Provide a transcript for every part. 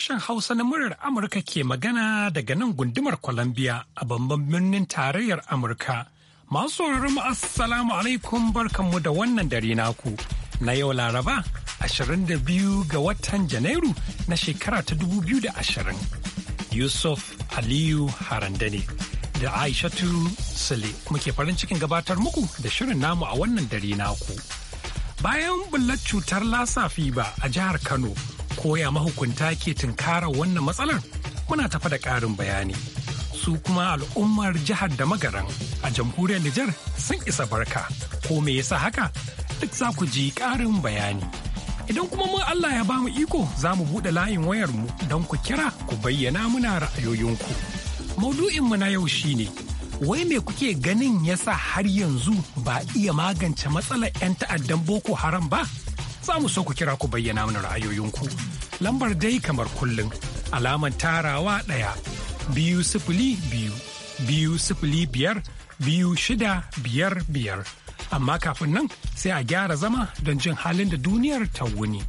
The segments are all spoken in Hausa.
sashen Hausa na muryar Amurka ke magana daga nan gundumar Columbia a bamban birnin tarayyar Amurka. Masu mu assalamu alaikum barkanmu da wannan dare naku. Na yau Laraba, 22 ga watan Janairu na shekara ta 2020. Yusuf Aliyu Harandane da Aishatu Sule muke farin cikin gabatar muku da shirin namu a wannan dare naku. Bayan bullar cutar lasa fiba a jihar Kano. Koya mahukunta ke tunkarar wannan matsalar muna tafa da ƙarin bayani. Su kuma al'ummar jihar da magaran a jamhuriyar Nijar sun isa barka. Ko me yasa haka? Duk za ku ji ƙarin bayani. Idan kuma mu Allah ya bamu iko za mu buɗe layin wayar mu don ku kira ku bayyana muna ra'ayoyinku. mu na yau shine wai me kuke ganin yasa har yanzu ba iya magance matsalar 'yan ta'addan Boko Haram ba? za mu so ku kira ku bayyana mana ra'ayoyinku. Lambar dai kamar kullum alamar tarawa ɗaya biyu sifili biyu biyu sifili biyar biyu shida biyar biyar. Amma kafin nan sai a gyara zama don jin halin da duniyar ta wuni.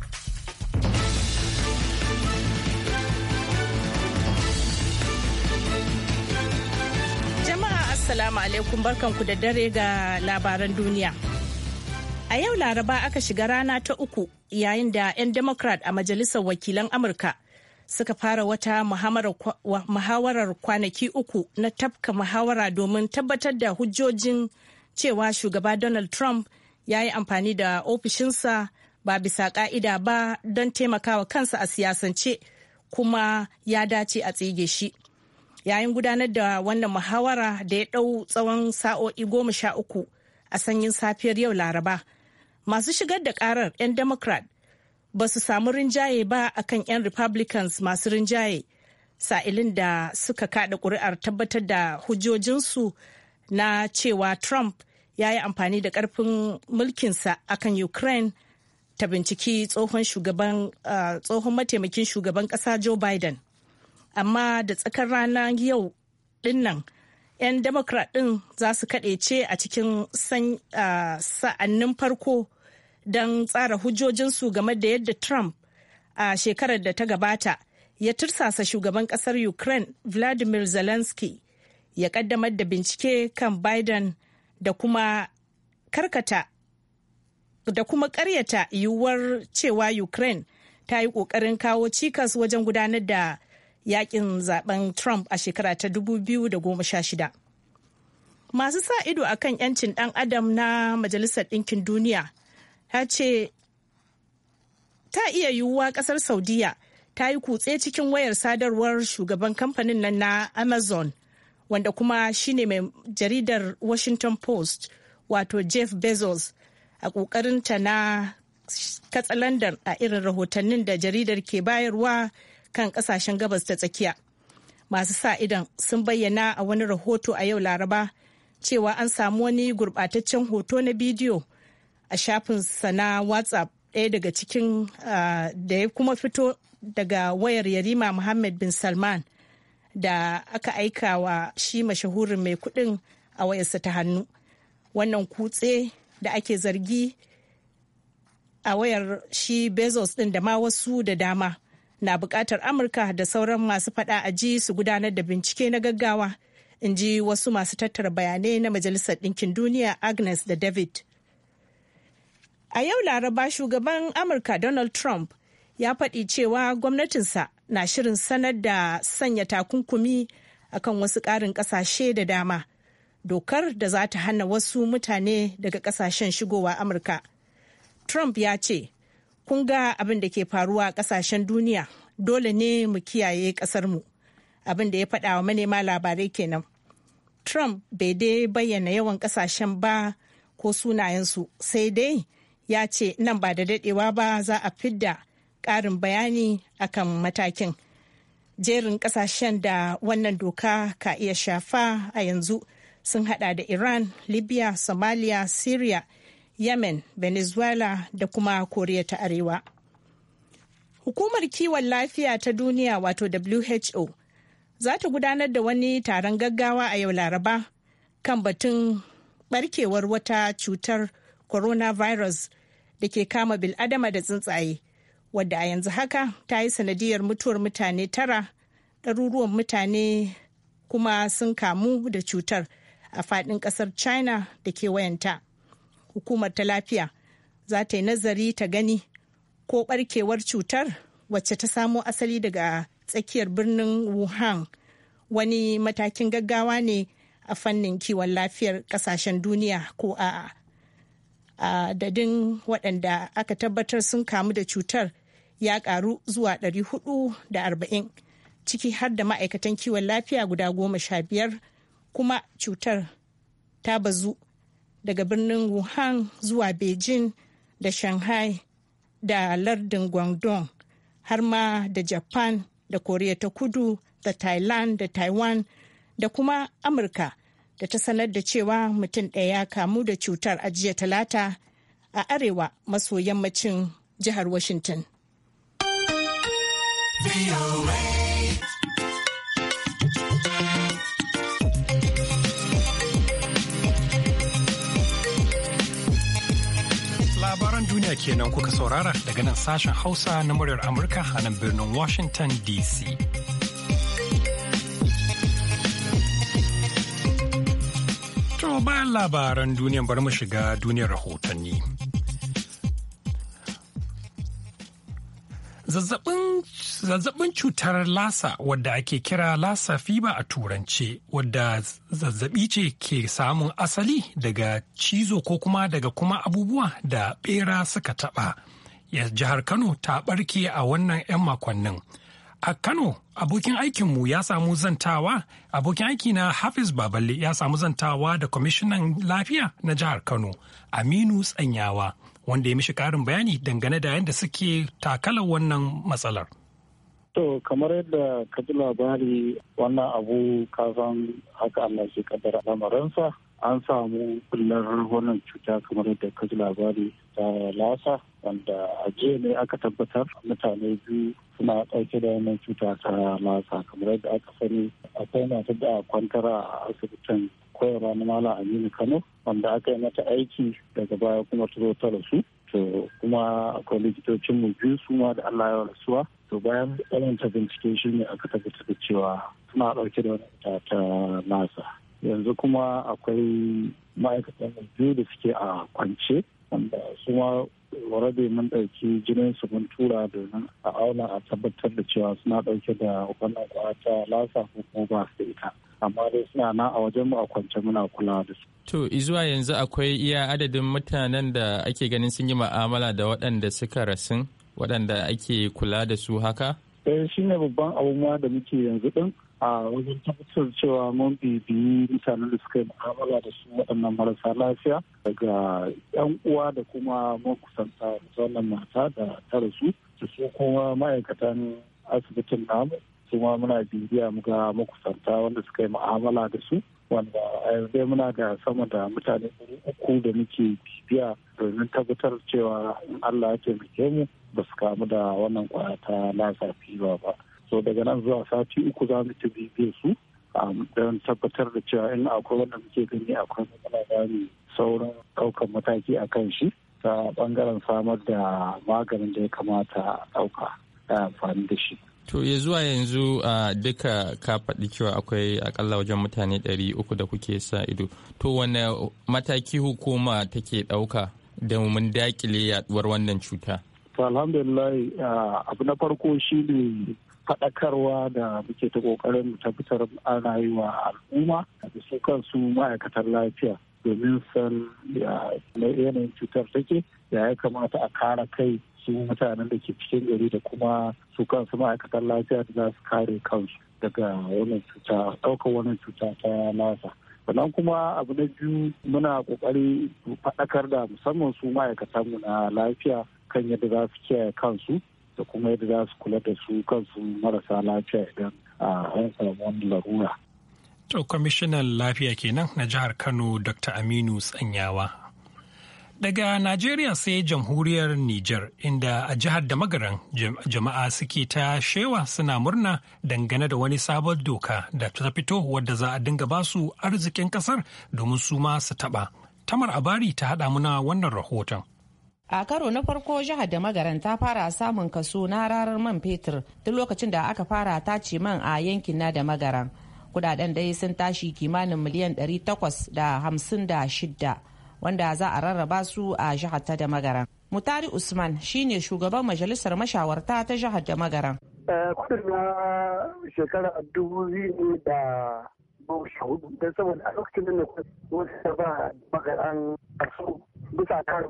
Jama'a Assalamu alaikum barkanku da dare ga labaran duniya. A yau Laraba aka shiga rana ta uku yayin da 'yan Democrat a Majalisar Wakilan Amurka suka fara wata muhawarar kwanaki uku na tafka muhawara domin tabbatar da hujjojin cewa shugaba Donald Trump ya yi amfani da ofishinsa ba bisa ka'ida ba don taimakawa kansa a siyasance kuma ya dace a tsige shi. Yayin gudanar da wannan muhawara da ya ɗau tsawon sa'o'i goma sha uku a sanyin safiyar yau Laraba. masu shigar da karar 'yan democrat ba su samu rinjaye ba a kan 'yan republicans masu rinjaye sa'ilin da suka kada kuri'ar tabbatar da hujjojinsu na cewa trump ya yi amfani da karfin mulkinsa kan ukraine ta binciki tsohon shugaban uh, tsohon mataimakin shugaban kasa joe biden amma da tsakar ranar yau dinnan 'yan democrat ɗin za su kaɗe ce a cikin sa'annin farko don tsara hujjojinsu game da yadda trump a shekarar da ta gabata ya tursasa shugaban ƙasar ukraine vladimir zelensky ya ƙaddamar da bincike kan biden da kuma karkata da kuma ƙaryata yiwuwar cewa ukraine ta yi ƙoƙarin kawo cikas wajen gudanar da yakin zaben Trump a shekara ta 2016. Masu sa ido a kan 'yancin ɗan adam na Majalisar Ɗinkin Duniya ta ce ta iya yiwuwa ƙasar Saudiya ta yi kutse cikin wayar sadarwar shugaban kamfanin nan na Amazon wanda kuma shine mai jaridar Washington Post wato Jeff Bezos a ƙoƙarinta na katsalandar a irin rahotannin da jaridar ke bayarwa kan kasashen gabas ta tsakiya masu sa idan sun bayyana a wani rahoto a yau laraba cewa an samu wani gurbataccen hoto na bidiyo a shafin sana whatsapp ɗaya daga cikin da ya kuma fito daga wayar yarima muhammad bin salman da aka aika wa shi mashahurin mai kudin a wayarsa ta hannu wannan kutse da ake zargi a wayar shi bezos ɗin da ma wasu da dama na bukatar amurka da sauran masu fada a ji su gudanar da bincike na gaggawa in ji wasu masu tattara bayanai na majalisar ɗinkin duniya agnes da david a yau laraba shugaban amurka donald trump ya faɗi cewa gwamnatinsa na shirin sanar da sanya takunkumi akan wasu ƙarin ƙasashe da dama dokar da za ta hana wasu mutane daga ƙasashen shigowa amurka trump ya ce kun ga abin da ke faruwa a ƙasashen duniya dole ne mu kiyaye ƙasarmu abin da ya faɗa wa manema labarai kenan trump bai dai bayyana yawan ƙasashen ba ko sunayensu sai dai ya ce nan ba da dadewa ba za a fidda ƙarin bayani akan matakin jerin ƙasashen da wannan doka ka iya shafa a yanzu sun hada da iran libya somalia syria yemen venezuela da kuma koriya ta arewa Hukumar kiwon lafiya ta duniya wato WHO za ta gudanar da wani taron gaggawa a yau Laraba kan batun barkewar wata cutar coronavirus da ke kama bil'adama da tsuntsaye wadda a yanzu haka ta yi sanadiyar mutuwar mutane tara ɗaruruwan mutane kuma sun kamu da cutar a faɗin ƙasar china da kewayenta hukumar ta lafiya za ta yi nazari ta gani ko barkewar cutar wacce ta samo asali daga tsakiyar birnin wuhan wani matakin gaggawa ne a fannin kiwon lafiyar kasashen duniya ko a dadin waɗanda aka tabbatar sun kamu da cutar ya ƙaru zuwa 440 ciki har da ma'aikatan kiwon lafiya guda goma sha biyar kuma cutar ta bazu daga birnin wuhan zuwa beijing da shanghai da lardin guangdong har ma da japan da koriya ta kudu da thailand da taiwan da kuma amurka da ta sanar da cewa mutum ɗaya ya kamu da cutar a talata a arewa maso yammacin jihar washington. Labaran duniya kenan kuka saurara daga nan sashen Hausa na muryar Amurka a nan birnin Washington DC. To bayan labaran duniyan bar mu shiga duniyar rahotanni. Zazzabin cutar lasa wadda ake kira lasa fiba a turance wadda zazzabi ce ke samun asali daga cizo ko kuma daga kuma abubuwa da bera suka taɓa. ya jihar Kano ta ɓarke a wannan 'yan makonnin. A Kano, abokin aikinmu ya samu zantawa, abokin aiki na Hafiz Baballe ya samu zantawa da kwamishinan lafiya na jihar Kano, Aminu Tsanyawa. wanda ya mishi karin bayani dangane da yadda suke takalar wannan matsalar. To kamar yadda ka ji labari wannan abu ka san haka Allah shi kaddara lamarinsa an samu kullar wannan cuta kamar yadda ka ji labari ta lasa wanda a jiya ne aka tabbatar mutane biyu suna ɗauke da wannan cuta ta lasa kamar yadda aka sani akwai masu da kwantar a asibitin koyarwa na malam aminu kano wanda aka yi mata aiki daga baya kuma ta zo ta rasu to kuma akwai likitocin mu biyu su ma da allah ya rasuwa to bayan ta bincike shi ne aka tabbatar da cewa suna ɗauke da wani ta nasa yanzu kuma akwai ma'aikatan biyu da suke a kwance wanda su ma warabe mun ɗauki jinin su mun tura domin a auna a tabbatar da cewa suna ɗauke da wannan ƙwata lasa ko kuma ba su da ita amma dai suna nan a wajen mu a kwance muna kula da su. To izuwa yanzu akwai iya adadin mutanen da ake ganin sun yi ma'amala da waɗanda suka rasin waɗanda ake kula da su haka? Eh shi ne babban abubuwa da muke yanzu ɗin a wajen tabbatar cewa mun bibiyi mutanen da suka yi mu'amala da su waɗannan marasa lafiya daga 'yan uwa da kuma makusanta musamman mata da ta rasu da su kuma ma'aikatan asibitin namu su muna bibiya muga makusanta wanda suka yi mu'amala da su wanda a yanzu muna da sama da mutane uku da muke bibiya domin tabbatar cewa in Allah ya taimake mu ba su kamu da wannan kwaya ta lasa fiba ba so daga nan zuwa sati uku za mu ta bibiya su um, don tabbatar da cewa in akwai wanda muke gani akwai matsala za sauran ɗaukar mataki a kan shi ta bangaren samar da maganin da ya kamata a ɗauka da amfani da shi. To ya zuwa yanzu a duka ka faɗi cewa akwai akalla wajen mutane ɗari uku da kuke sa ido. To wane mataki hukuma take ɗauka da mun dakile yaduwar wannan cuta? To alhamdulillah abu na farko shi ne faɗakarwa da muke ta ƙoƙarin tabbatar ana yi wa al'umma da su kansu ma'aikatar lafiya domin san yanayin cutar take ya kamata a kare kai su mutanen da ke cikin gari da kuma su kansu ma'aikatan lafiya da za su kare kansu daga wannan cuta ɗaukar wannan cuta ta lasa sannan kuma abu na biyu muna ƙoƙari faɗakar da musamman su ma'aikatanmu na lafiya kan yadda za su kiyaye kansu da kuma yadda za su kula da su kansu marasa lafiya idan an samu wani larura. To kwamishinan lafiya kenan na jihar Kano Dr. Aminu Tsanyawa Daga Najeriya sai jamhuriyar Nijar inda a jihar da magaran jama'a suke ta shewa suna murna dangane da wani sabon doka da ta fito wadda za a dinga basu arzikin kasar domin su ma su taɓa. Tamar Abari ta haɗa muna wannan rahoton. a karo na farko jihar da magaran ta fara samun kaso na rarar man fetur duk lokacin da aka fara tace man a yankin na da magaran kudaden dai sun tashi kimanin miliyan 856 wanda za a rarraba su a jihar ta da magaran. Mutari Usman shine shugaban majalisar mashawarta ta jihar da magaran. Eh, kudin na shekara dubu biyu da hudu saboda a lokacin da wasu da ba magaran kaso bisa kan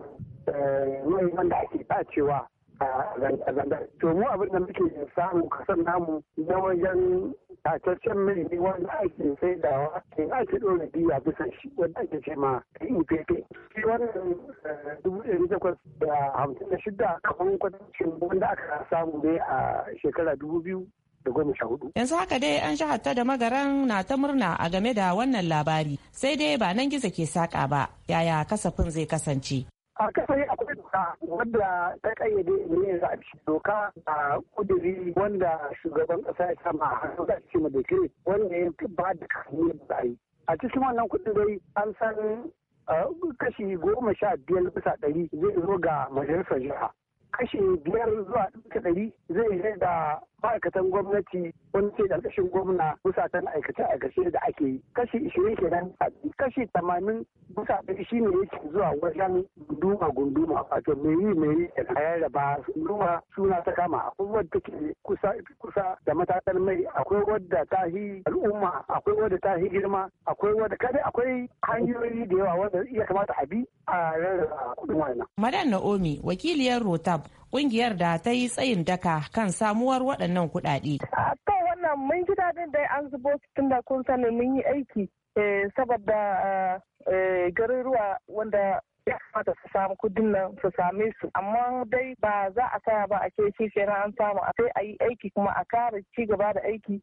eh, wanda ake dacewa zanga-zanga. To mu abin da muke samu kasan namu na wajen tataccen mai ne wanda ake sai da wa ke ake ɗora biya bisa shi wanda ake ce ma ta yi pepe Shi wannan eh, dubu ɗari takwas da hamsin da shida kamar kwatancin wanda aka samu ne a shekara dubu biyu da goma sha hudu. Yanzu haka dai an sha hatta da magaran na ta murna a game da wannan labari sai dai ba nan gizo ke saƙa ba yaya kasafin zai kasance. a kasar akwai doka wadda ta kayyade ne za a ci doka a kudiri wanda shugaban kasa ya sama a hannu da ake madakiri wanda ya ba da kasani da a yi a cikin wannan kudirai an san kashi goma sha biyar bisa ɗari zai zo ga majalisar jiha kashi biyar zuwa ɗari zai zai da ma'aikatan gwamnati wani ce ƙarƙashin gwamna busatan aikace-aikace da ake yi kashi ishirin kenan kashi tamanin bisa ɗari shi ne yake zuwa wajen gunduma gunduma wato mai yi mai yi da kayan raba gunduma suna ta kama akwai wadda ke kusa kusa da matakan mai akwai wadda ta yi al'umma akwai wadda ta yi girma akwai wadda kada akwai hanyoyi da yawa wanda ya kamata a bi a rarraba kuɗin wannan. Madan Naomi wakiliyar Rotab kungiyar da ta yi tsayin daka kan samuwar waɗannan kuɗaɗe. To wannan mun ji daɗin dai an zubo tun da kun sani mun yi aiki eh, saboda eh, eh, garuruwa wanda ya kamata su samu kudin nan su same su amma dai ba za a saya ba a ke shi kenan an samu a sai a yi aiki kuma a kare ci gaba da aiki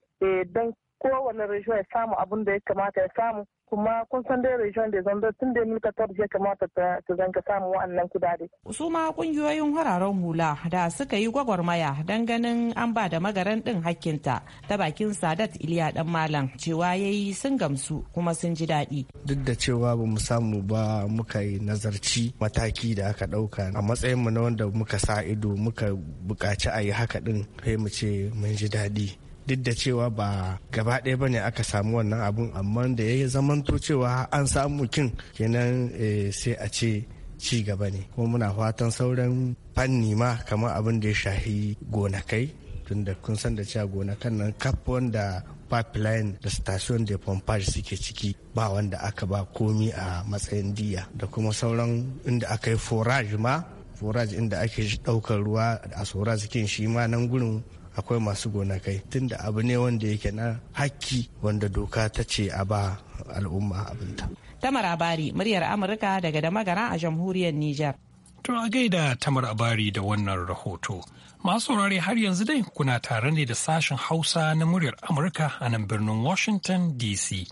don kowane region ya samu abin da ya kamata ya samu kuma kun san dai region da zanda tun da milka tar ya kamata ta zanga samu wa'annan kudade. su ma kungiyoyin hararen hula da suka yi gwagwarmaya don ganin an ba da magaran din hakkinta ta bakin sadat iliya dan malam cewa ya yi sun gamsu kuma sun ji daɗi. duk da cewa ba mu samu ba muka yi nazarci mataki da aka ɗauka a matsayin mu na wanda muka sa ido muka buƙaci a yi haka din sai mu ce mun ji daɗi. duk da cewa ba gaba ɗaya ba ne aka samu wannan abun amma da ya zamanto cewa an samu kin kenan eh, sai a ce ci gaba ne kuma muna fatan sauran fanni ma kamar abin da ya shahi gonakai tunda kun san da cewa gonakan nan kaf wanda pipeline da station de pompage suke ciki ba wanda aka ba komi a matsayin diya da kuma sauran inda aka yi forage ma forage inda ake ɗaukar ruwa a sora suke shi ma nan gurin akwai masu gonakai tunda abu ne wanda yake na hakki wanda doka ta ce a ba al'umma abinta. Tamar Abari, muryar Amurka daga Damagara a jamhuriyar Nijar. To a gaida Tamar Abari da wannan rahoto. Masu saurare har yanzu dai kuna tare ne da sashen Hausa na muryar Amurka a nan birnin Washington DC.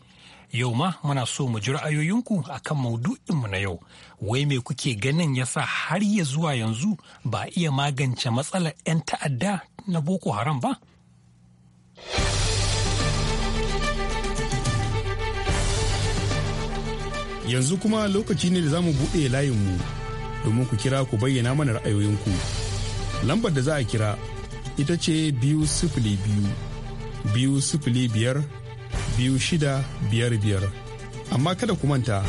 Yau ma muna so mu ji ra'ayoyinku a kan maudu'inmu na yau. Wai me kuke ganin ya sa har ya zuwa yanzu ba iya magance matsalar 'yan ta'adda na Boko Haram ba? Yanzu kuma lokaci ne da za mu buɗe layinmu domin ku kira ku bayyana mana ra'ayoyinku. Lambar da za a kira ita ce biyu sifili biyu, biyu sifili biyar biyar amma kada ku manta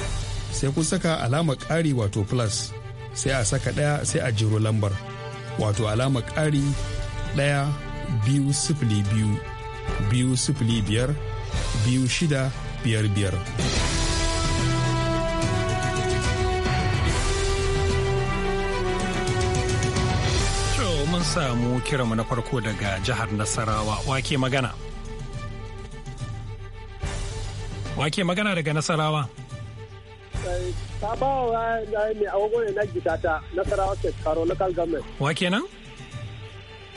sai kun saka alama ƙari wato plus sai a saka ɗaya sai a jiro lambar wato alama ƙari ɗaya biyu sifili biyu biyu sifili biyar biyu shida biyar biyar. mun samu kiranmu na farko daga jihar Nasarawa wake magana. Wake magana daga Nasarawa. Ta ba wa mai agogo ne na ta Nasarawa ke karo local government. Wa kenan?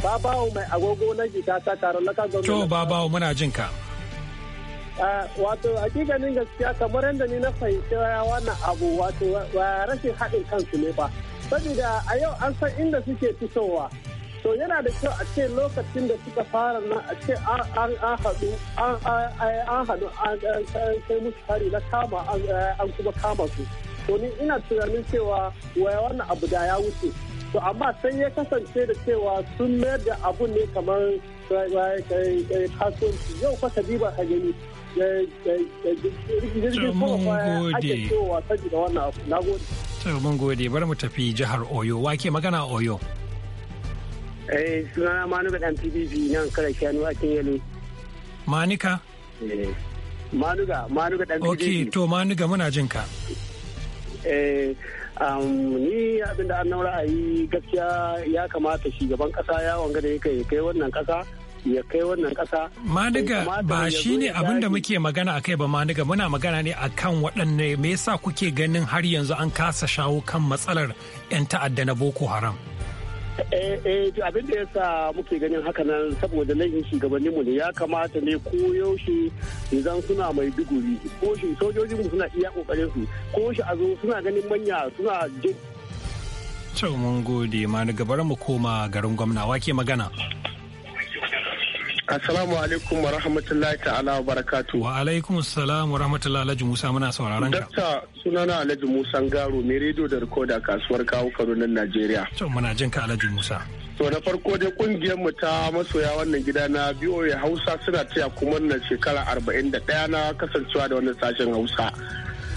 Ba ba mai agogo na gida ta karo local government. To ba ba muna jin ka. wato a ganin gaskiya kamar yadda ni na fahimci wannan abu wato rashin haɗin kansu ne ba saboda a yau an san inda suke fitowa to yana da kyau a ce lokacin da suka fara nan a ce an haɗu an haɗu an kai musu hari na kama an kuma kama su to ni ina tunanin cewa waya wannan abu da ya wuce to amma sai ya kasance da cewa sun mayar da abu ne kamar eh, eh, eh, kasuwanci yau ka diba ka gani jirgin ake cewa wannan abu na gode. mun gode bari mu tafi jihar Oyo wake magana Oyo. Eh sunana Manuka dan PDP nan kare shanu a cikin yalo. Manika? Manuka, eh, Manuka dan PDP. Okay, to Manuka muna jin ka. Eh um, ni abin da annan ra'ayi gaskiya ya kamata shugaban kasa ya wanga da yake kai wannan kasa ya kai wannan kasa. Maniga ba shi ne abin da muke magana akai ba maniga muna magana ne akan waɗanne me yasa kuke ganin har yanzu an kasa shawo kan matsalar 'yan ta'adda na Boko Haram. Eh, eh, abin da ya sa muke ganin hakanan saboda laifin shugabannin mu ne ya kamata ne ko yaushe idan suna mai duguri ko shi sojojin mu suna iya kokarin su ko shi a zo suna ganin manya suna jin. Cewa gode ma na mu koma garin gwamna wake magana. Assalamu alaikum wa rahmatullahi ta'ala wa barakatu. Wa alaikum salam wa rahmatullahi Alhaji Musa muna sauraron ka. Dakta sunana Alhaji Musa Ngaro mai rediyo da rikoda kasuwar kawo Kano nan Najeriya. To muna jin ka Alhaji Musa. To na farko dai kungiyar mu ta masoya wannan gida na BOA Hausa suna taya kuma wannan shekara 41 na kasancewa da wannan sashen Hausa.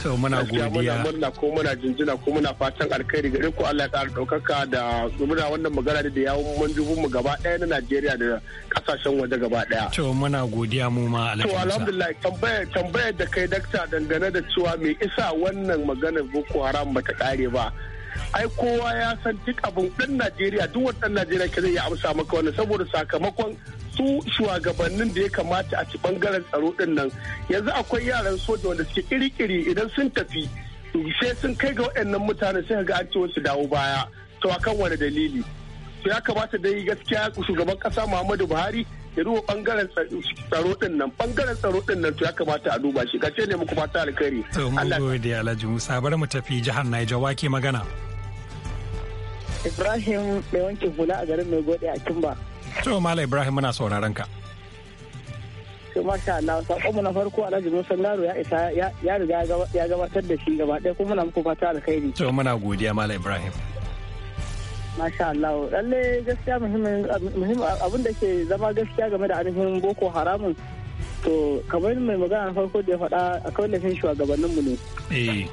to muna godiya muna ko muna jinjina ko muna fatan alkhairi gare ku Allah ya ƙara ɗaukaka da muna wannan magana da ya yi manjuhun mu gaba ɗaya na Najeriya da kasashen waje gaba ɗaya to muna godiya mu ma to alhamdulillah tambaya tambaya da kai dakta dangane da cewa me isa wannan magana Boko Haram bata kare ba ai kowa ya san duk abin dan najeriya duk wani najeriya ke zai amsa maka wannan saboda sakamakon su shugabannin da ya kamata a ci bangaren tsaro din nan yanzu akwai yaran soja wanda suke kirikiri idan sun tafi sai sun kai ga waɗannan mutane sai ga an wasu dawo baya to akan wani dalili to ya kamata dai gaskiya shugaban kasa muhammadu buhari yanzu bangaren tsaro din nan bangaren tsaro din nan to ya kamata a duba shi kace ne muku fata alkhairi to mun gode Alhaji Musa bari mu tafi jihar Niger wake magana Ibrahim mai wanke hula a garin mai gode a Kimba to Malam Ibrahim muna sauraron ka to masha Allah mu na farko Alhaji Musa Laro ya isa ya riga ya gabatar da shi gaba ɗaya kuma muna muku fata alkhairi to muna godiya Malam Ibrahim Masha Allah, lalle gaskiya muhimmin abin da ke zama gaskiya game da ainihin Boko Haramun. To, kamar mai magana farko da ya faɗa a kawai da kawalafin shugabanninmu ne. Eh.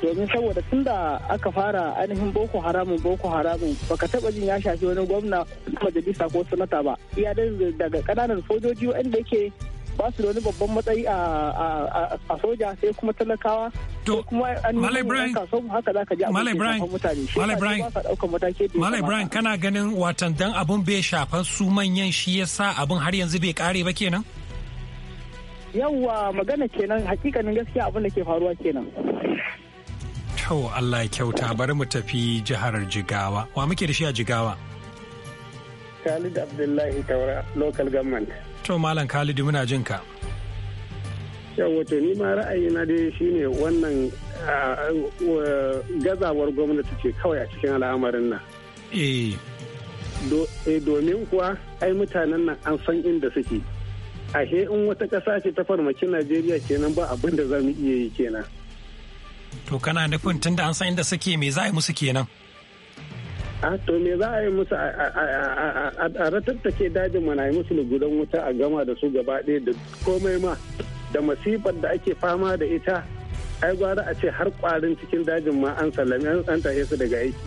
Domin saboda tun da aka fara ainihin Boko Haramun Boko Haramun baka taɓa jin ya shafi wani gwamna ko majalisa ko sanata ba. Iya daga ƙananan sojoji waɗanda yake ba su da wani babban matsayi a soja sai kuma talakawa to malai brian haka za ka ji malai brian malai brian malai brian kana ganin watan dan abun bai shafa su manyan shi yasa abun har yanzu bai kare ba kenan yawwa magana kenan hakikanin gaskiya abin da ke faruwa kenan to Allah ya kyauta bari mu tafi jihar Jigawa wa muke da shi a Jigawa Khalid Abdullahi Taura local government to malam Khalidu muna jin ka wato ni ma ra'ayina dai shine wannan gazawar gwamnati ce kawai a cikin al'amarin nan eh. eh domin kuwa ai mutanen nan an san inda suke ashe in wata ƙasa ce ta farmaki najeriya kenan ba abin da za mu iya yi kenan to kana nufin tunda an san inda suke me za a yi musu kenan a to me za a yi musu a ratattake dajin mana yi musu gudan wuta a gama da su gaba ɗaya da komai ma da masifar da ake fama da ita ai gwara a ce har kwarin cikin dajin ma an sallami an su daga aiki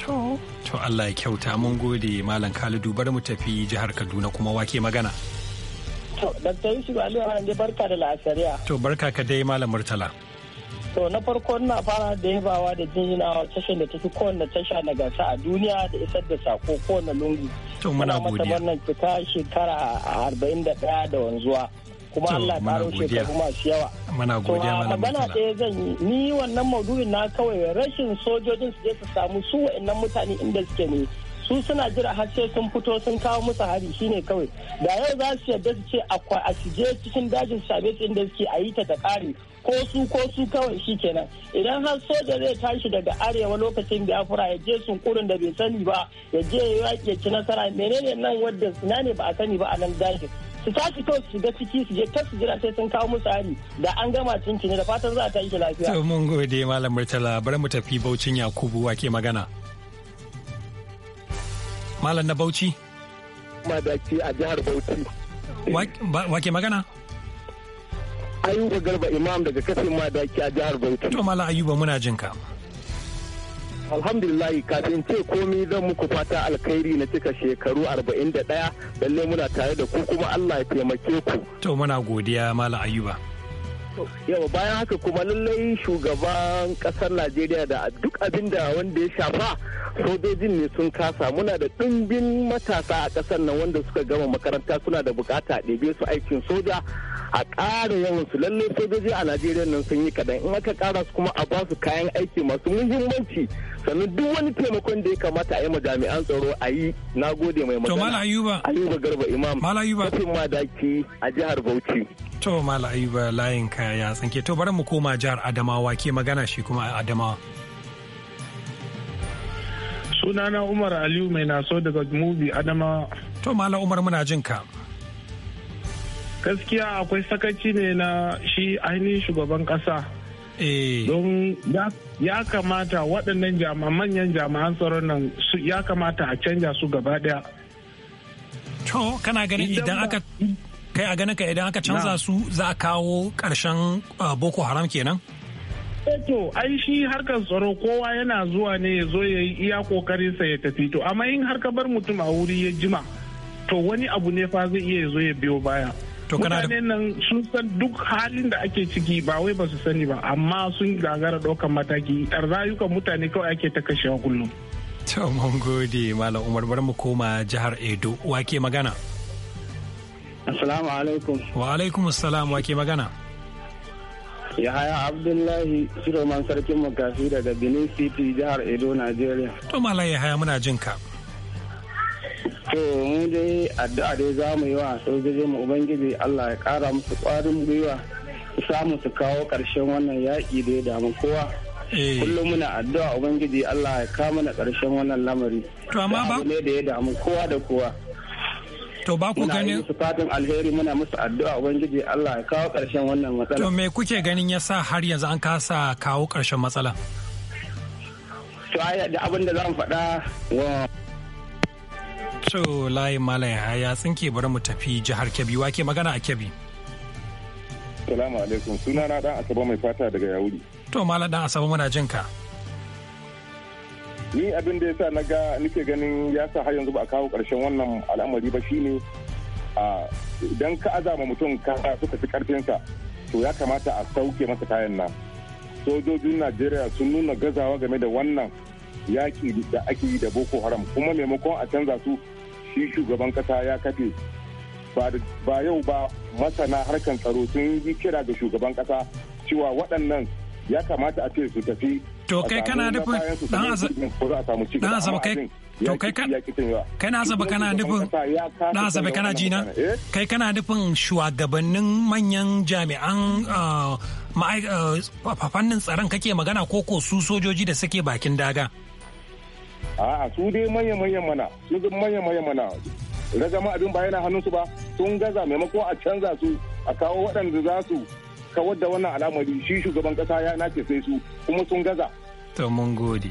to to Allah ya kyauta mun gode malam kalidu bar mu tafi jihar Kaduna kuma wake magana to Dr. Yusuf Aliyu Haranje barka da la'asariya to barka ka dai malam Murtala to na farko na fara da yabawa da jinjinawa tashar da tafi kowane tasha na gasa a duniya da isar da sako kowane lungu to muna godiya wannan fita shekara 41 da wanzuwa kuma Allah karo shekaru masu yawa muna godiya malam magana ɗaya zan yi ni wannan maudu'in na kawai rashin sojojin su je su samu su wa'annan mutane inda suke ne su suna jira har sai sun fito sun kawo musu hari shine kawai da yau za su yarda su ce a shige cikin dajin sabis din da suke a yi ta ta kare ko su ko su kawai shi kenan idan har soja zai tashi daga arewa lokacin biafra ya je sunkurin da bai sani ba ya je ya ya ci nasara menene nan wadda sina ne ba a sani ba a nan dajin su tashi kawai su shiga ciki su je jira sai sun kawo musu hari da an gama cincin da fatan za a tashi lafiya. to mun gode malam murtala bari mu tafi baucin yakubu wake magana. Malam na Bauchi? Madaki a jihar Bauchi. Wake magana? Ayuba Garba Imam daga kasin Madaki a jihar Bauchi. To Malam Ayuba muna jin ka. Alhamdulillah kafin ce komi zan muku fata alkhairi na cika shekaru arba'in da 41 lalle muna tare da ku kuma Allah ya taimake ku. To muna godiya Malam Ayuba. yau bayan haka kuma lallai shugaban kasar najeriya da duk abin da wanda ya shafa sojojin ne sun kasa muna da ɗimbin matasa a kasar nan wanda suka gama makaranta suna da bukata ɗebe su aikin soja a ƙara yawan su lallai sojoji a najeriya nan sun yi kaɗan in aka ƙara su kuma a basu kayan aiki masu muhimmanci sannan duk wani taimakon da ya kamata a yi jami'an tsaro a yi na gode mai magana. To Mala Ayuba. Ayuba Garba Imam. Mala Ayuba. Kafin madaki a jihar Bauchi. To Mala Ayuba layin ka ya tsanke to bari mu koma jihar Adamawa ke magana shi kuma a Adamawa. Sunana Umar Aliyu mai naso daga Mubi Adamawa. To Mala Umar muna jin ka. Gaskiya akwai sakaci ne na shi ainihin shugaban kasa. Eh. don ya kamata waɗannan manyan jami'an tsaron nan ya kamata a canja su gaba ɗaya to kana ganin idan aka kai a ganin ka idan aka canza su za a kawo ƙarshen uh, boko haram kenan eh, to ai shi harkar tsaro kowa yana zuwa ne ya zo ya yi iya kokarinsa ya tafi to amma in har bar mutum a wuri ya jima to wani abu ne fa zai iya zo ya biyo baya mutanen nan sun san duk halin da ake ciki ba wai ba su sani ba amma sun gagara ɗaukan mataki rayukan mutane kawai ake ta kashewa kullum To mun gode Malam Umar bari mu koma jihar Edo wake magana. Assalamu alaikum. Wa alaikum assalam wake magana. ya haya Abdullahi Shiroman Sarkin mukafi daga Benin City jihar Edo Nigeria. To Malam haya muna jin ka. To mu dai addu'a dai za mu yi wa sojojin mu Ubangiji Allah ya kara musu kwarin gwiwa su samu su kawo karshen wannan yaƙi da ya damu kowa. Eh. Kullum muna addu'a Ubangiji Allah ya kama na karshen wannan lamari. To amma ba? ne da ya damu kowa da kowa. To ba ku ganin? su fatan alheri muna musu addu'a Ubangiji Allah ya kawo karshen wannan matsala. To me kuke ganin yasa har yanzu an kasa kawo karshen matsala? To da abin da zan faɗa wa To layin Malam ya tsinke bari mu tafi jihar Kebbi wake magana a Kebbi. Salamu alaikum suna na dan Asaba mai fata daga Yawuri. To Malam dan Asaba muna jin ka. Ni abin da yasa naga nake ganin ya sa har yanzu ba a kawo karshen wannan al'amari ba shine a idan ka azama mutum ka suka fi karfinsa to ya kamata a sauke masa kayan nan. Sojojin Najeriya sun nuna gazawa game da wannan yaƙi da ake yi da boko haram kuma maimakon a canza su shi shugaban kasa ya kafe ba yau ba masana harkan tsaro sun yi kira ga shugaban kasa cewa waɗannan ya kamata a ce su tafi to kai kana nufin dan azaba kai to kai ka kai na azaba kana nufin dan azaba kana jina eh? kai kana nufin shugabannin manyan jami'an ah, ah, fannin tsaron kake magana ko su sojoji da suke bakin daga a'a su dai manya-manya mana su manya-manya mana raga ma abin ba yana hannunsu ba sun gaza maimako a canza su a kawo waɗanda za su kawar da wannan al'amari shi shugaban ƙasa ya nace sai su kuma sun gaza to mun gode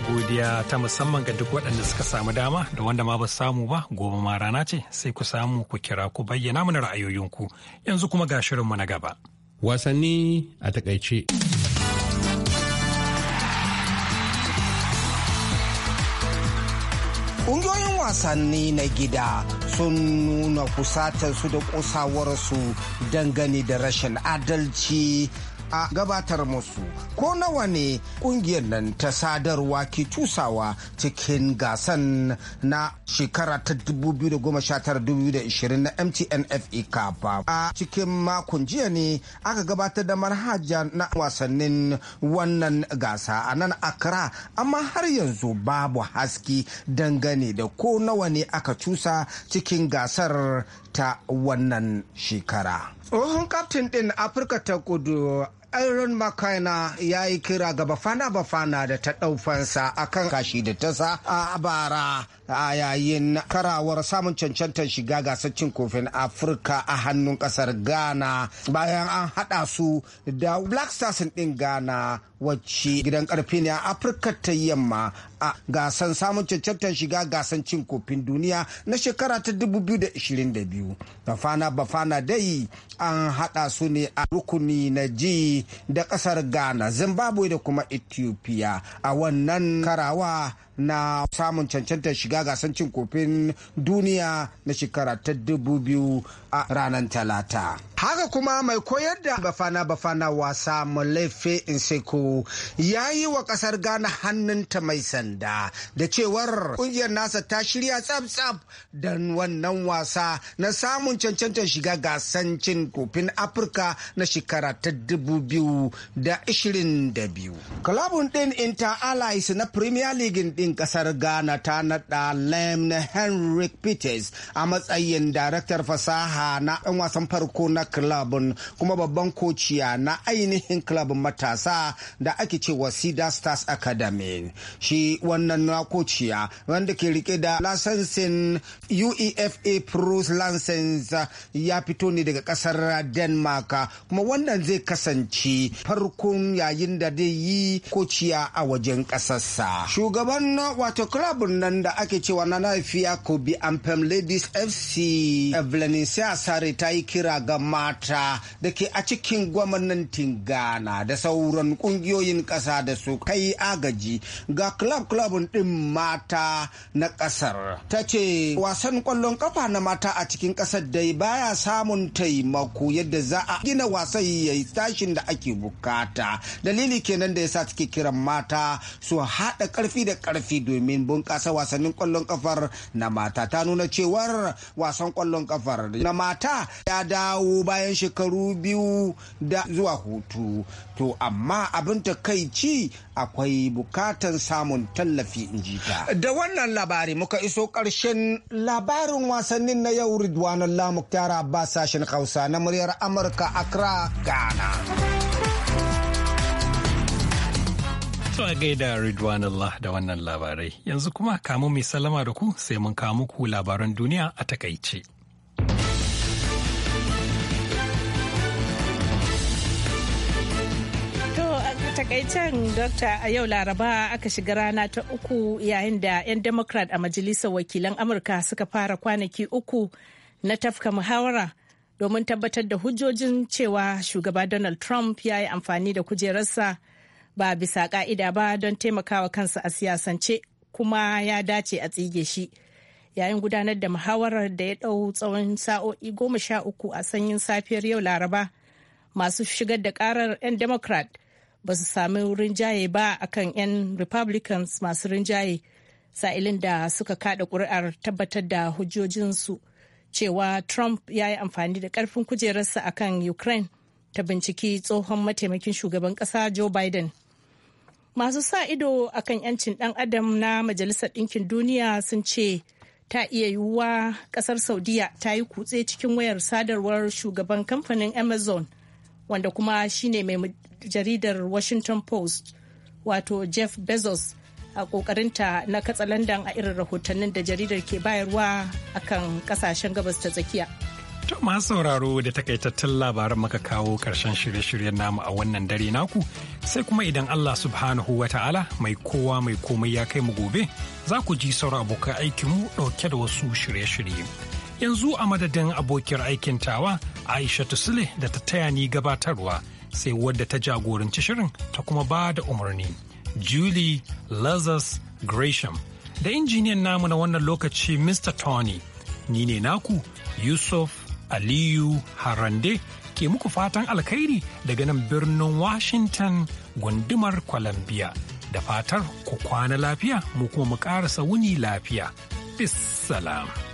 godiya ta musamman ga duk waɗanda suka samu dama da wanda ma ba samu ba gobe ma rana ce sai ku samu ku kira ku bayyana mana ra'ayoyinku yanzu kuma ga shirinmu na gaba. Wasanni a takaice. Ƙungiyoyin wasanni na gida sun nuna kusatarsu da ƙusawarsu dangane da rashin adalci a gabatar musu ko nawa ne kungiyar nan ta sadarwa ke cusawa cikin gasan na shekara ta 2019-2020 na mtnfe kafa a cikin makon jiya ne aka gabatar da marhaja na wasannin wannan gasa a nan akra amma har yanzu babu haske dangane da ko nawa ne aka cusa cikin gasar ta wannan shekara. Tsohon kaftin ɗin Afirka ta kudu Aaron Makaina ya yi kira ga bafana bafana da ta ɗaufansa akan kashi da tasa a bara a yayin karawar samun cancantar shiga gasar cin kofin afirka a hannun kasar ghana bayan an hada su da black stars din ghana wacce gidan karfe ne a afirka ta yamma a gasar samun cancantar shiga gasar cin kofin duniya na shekara ta 2022 bafana bafana dai an hada su ne a rukuni na ji da kasar ghana zimbabwe da kuma ethiopia a wannan karawa na samun cancantar shiga gasan cin kofin duniya na shekara ta biyu a ranar talata Haka kuma mai koyar da bafana-bafana wasa Molefe Nseko ya yi wa kasar Ghana hannunta mai sanda da cewar kungiyar nasa ta shirya tsaf-tsaf don wannan wasa na samun cancantar shiga gasan cin kofin Afirka na shekara ta biyu. Kalabun ɗin Inter Allies na Premier League ɗin kasar Ghana ta naɗa na Henrik Peters a matsayin daraktar fasaha na ɗan wasan farko na club kuma babban kociya na ainihin club matasa da ake cewa sida stars academy shi wannan na kociya wanda ke rike da lasansin uefa pro license ya fito ne daga kasar denmark kuma wannan zai kasance farkon yayin da zai yi kociya a wajen kasarsa shugaban wato club nan da ake cewa na naifiya kobi amfam ladies fc evelyn sare ta yi kira ga mata da ke a cikin gwamnatin Ghana da sauran kungiyoyin ƙasa da su kai agaji ga club-club ɗin mata na ƙasar. Ta ce wasan ƙwallon ƙafa na mata a cikin ƙasar dai baya samun taimako yadda za a gina wasan ya yi tashin da ake bukata. Dalili kenan da yasa suke kiran mata su haɗa ƙarfi da karfi domin bunƙasa wasannin kwallon ƙafar na mata. Ta nuna cewar wasan ƙwallon ƙafar na mata ya dawo bayan shekaru biyu da zuwa hutu to amma abin takaici akwai bukatan samun tallafi in ji ta da wannan labari muka iso karshen labarin wasannin na yau ridwanan lamuk tara ba sashen hausa na muryar amurka accra ghana To gaida Ridwan Allah da wannan labarai, yanzu kuma kamu mai salama da ku sai mun kawo muku labaran duniya a takaice. takaicen dokta a yau laraba aka shiga rana ta uku yayin da 'yan democrat a majalisar wakilan amurka suka fara kwanaki uku na tafka muhawara domin tabbatar da hujjojin cewa shugaba donald trump ya yi amfani da kujerarsa ba bisa ka'ida ba don taimakawa kansa a siyasance kuma ya dace a tsige shi yayin gudanar da muhawarar da ya ɗau tsawon sa'o'i goma sha uku a sanyin safiyar yau laraba masu shigar da karar 'yan democrat ba su sami rinjaye ba akan 'yan republicans masu rinjaye sa'ilin da suka kada kuri'ar tabbatar da hujjojinsu cewa trump ya yi amfani da karfin kujerarsa akan ukraine ta binciki tsohon mataimakin shugaban kasa joe biden masu sa ido akan 'yancin dan adam na majalisar ɗinkin duniya sun ce ta iya yiwuwa kasar saudiya ta yi kutse cikin wayar sadarwar shugaban kamfanin amazon wanda kuma shine mai jaridar washington post wato jeff bezos a kokarinta na katsalandan a irin rahotannin da jaridar ke bayarwa akan kasashen gabas ta tsakiya To masu sauraro da takaitattun labaran maka kawo karshen shirye-shiryen namu a wannan dare naku sai kuma idan Allah subhanahu wa ta'ala mai kowa mai komai ya kai mu gobe za ku ji sauran abokan aikinmu ɗauke da wasu shirye-shirye. yanzu a madadin abokiyar aikin tawa aisha tusile da ta taya ni gabatarwa sai wadda ta jagoranci shirin ta kuma ba da umarni julie lazarus gresham da injiniyan namu na wannan lokaci mr tony ni ne naku yusuf aliyu harande ke muku fatan alkhairi daga nan birnin washington gundumar columbia da fatar ku kwana lafiya mu kuma mu ƙarasa wuni lafiya bis salam